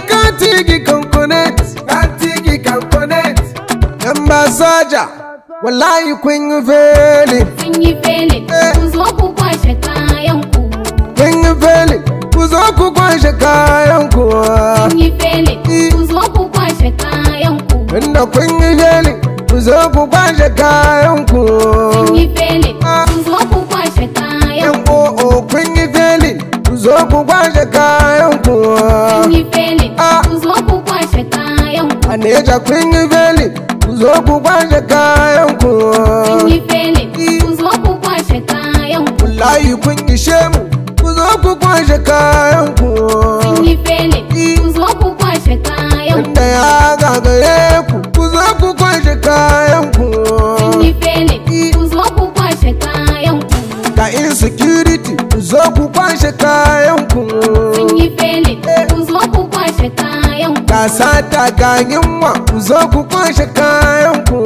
kantigi kankonet. kantigi kankonet. connect. Yan ba soja, wallahi kun yi fele. Kun yi fele, eh. ku zo ku kwashe kayan ku. Kun yi fele, ku zo ku kwashe kayan ku. Kun yi fele, eh. ku zo ku kwashe kayan ku. Tunda kun yi fele, ku zo ku kwashe kayan ku. Eh. Oh, oh, kun yi fele, ku zo ku kwashe kayan ku. Yan o'o kun yi fele, ku zo ku kwashe kayan ku. Kun yi aneja neja kun yi feli ku zo ku kwashe kayan ku kun yi feli ku zo ku kwashe kayan ku wallahi kun ishe mu ku zo ku kwashe kayan ku kun yi feli ku kwashe kayan ku da ya gagare ku ku zo ku kwashe kayan ku kun yi feli ku zo kwashe kayan ku ga insecurity ku zo ku kwashe kayan ku kun yi matasa ta ganin ma ku zo ku kwashe kayan ku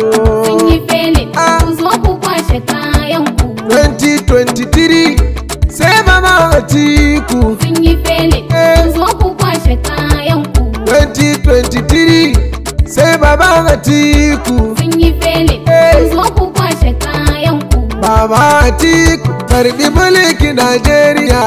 sun yi fele ah. ku zo ku kwashe kayan ku 2023 sai mama atiku sun yi fele ku eh. zo ku kwashe kayan ku 2023 sai baba atiku sun yi fele ku eh. zo ku kwashe kayan ku baba atiku karbi mulki najeriya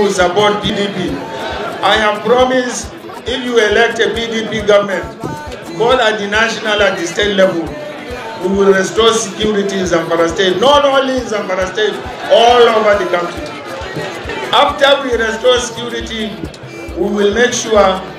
you support PDP. I have promised if you elect a PDP government, call at the national and the state level, we will restore security in Zamfara State, not only in Zamfara State, all over the country. After we restore security, we will make sure